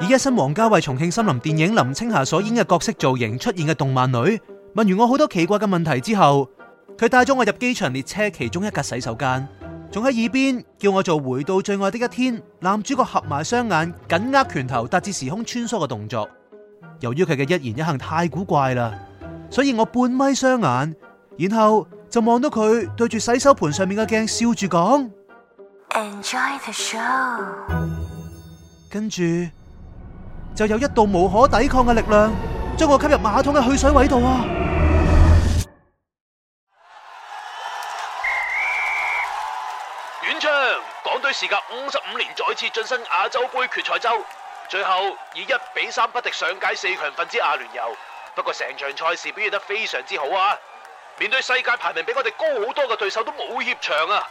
以一身王家衛《重慶森林》電影林青霞所演嘅角色造型出現嘅動漫女，問完我好多奇怪嘅問題之後，佢帶咗我入機場列車其中一格洗手間，仲喺耳邊叫我做回到最愛的一天男主角合埋雙眼，緊握拳頭達至時空穿梭嘅動作。由於佢嘅一言一行太古怪啦，所以我半眯雙眼，然後就望到佢對住洗手盤上面嘅鏡笑住講。Enjoy the show. 跟住，就有一道無可抵抗嘅力量，將我吸入馬桶嘅去水位度啊！完場！港隊事隔五十五年再次晉身亞洲盃決賽周，最後以一比三不敵上屆四強分子嘅阿聯酋，不過成場賽事表現得非常之好啊！面對世界排名比我哋高好多嘅對手都冇怯場啊！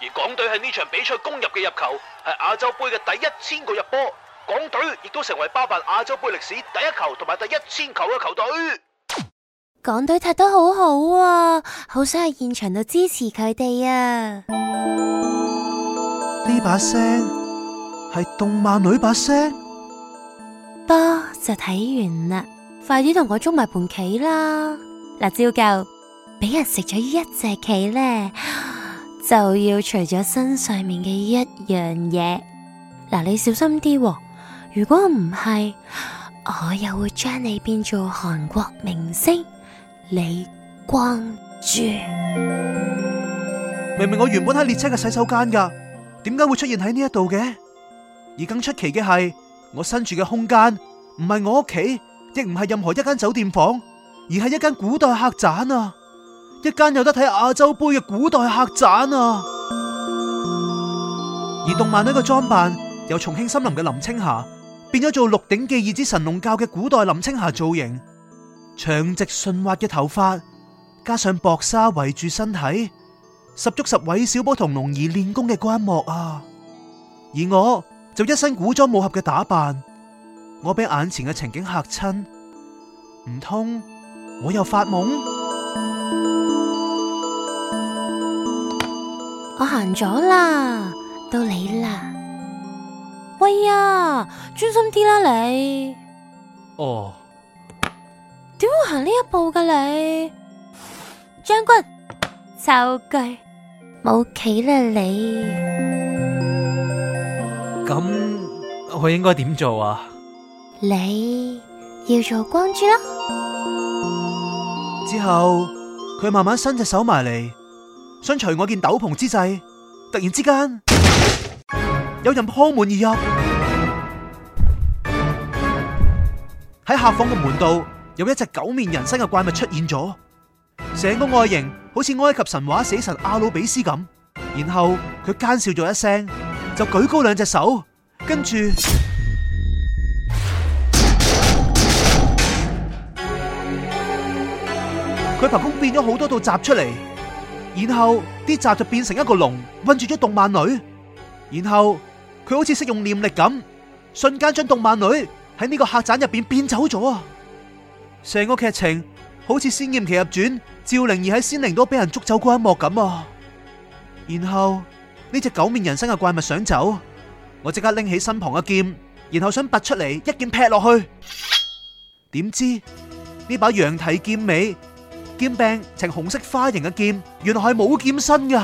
而港隊喺呢場比賽攻入嘅入球係亞洲盃嘅第一千個入波，港隊亦都成為包辦亞洲盃歷史第一球同埋第一千球嘅球隊。港隊踢得好好啊，好想喺現場度支持佢哋啊！呢把聲係動漫女把聲，波就睇完啦，快啲同我捉埋盤棋啦！嗱，啊，照舊俾人食咗呢一隻棋咧。就要除咗身上面嘅一樣嘢，嗱，你小心啲，如果唔係，我又會將你變做韓國明星李光洙。明明我原本喺列車嘅洗手間㗎，點解會出現喺呢一度嘅？而更出奇嘅係，我身處嘅空間唔係我屋企，亦唔係任何一間酒店房，而係一間古代客棧啊！一間有得睇亞洲杯嘅古代客棧啊！而動漫女嘅裝扮由重慶森林嘅林青霞變咗做《鹿鼎記》二之神龍教嘅古代林青霞造型，長直順滑嘅頭髮，加上薄紗圍住身體，十足十韋小寶同龍兒練功嘅嗰一幕啊！而我就一身古裝武俠嘅打扮，我俾眼前嘅情景吓親，唔通我又發夢？我行咗啦，到你呀啦，喂啊，專心啲啦你。哦，點會行呢一步噶你？將軍，抽車冇棋啦你。咁我應該點做啊？你要做光洙啦。之後佢慢慢伸隻手埋嚟。想除我件斗篷之際，突然之間有人破門而入，喺客房嘅門度有一隻狗面人身嘅怪物出現咗，成個外形好似埃及神話死神阿努比斯咁。然後佢奸笑咗一聲，就舉高兩隻手，跟住佢憑空變咗好多道閘出嚟。然後啲閘就變成一個龍，困住咗動漫女，然後佢好似識用念力咁，瞬間將動漫女喺呢個客棧入邊變走咗啊！成個劇情好似《仙劍奇俠傳》，趙靈兒喺仙靈島俾人捉走嗰一幕咁啊！然後呢隻狗面人身嘅怪物想走，我即刻拎起身旁嘅劍，然後想拔出嚟一劍劈落去，點知呢把羊蹄劍尾，劍柄呈紅色花形嘅劍，原來係冇劍身噶，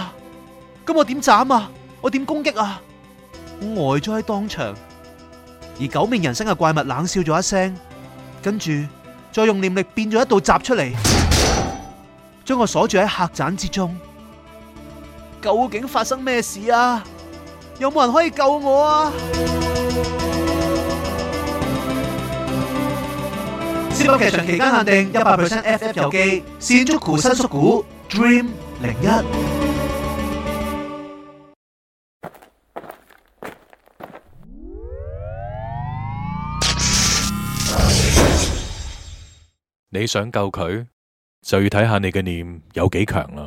咁我點斬啊？我點攻擊啊？我呆咗喺當場，而狗面人身嘅怪物，冷笑咗一聲，跟住再用念力變咗一道閘出嚟，將我鎖住喺客棧之中。究竟發生咩事啊？有冇人可以救我啊？Zip 噏劇場期間限定，一百 percent FF 遊記，Shinjuku 新宿故，Dream 零一。你想救佢，就要睇下你嘅念有幾強啦。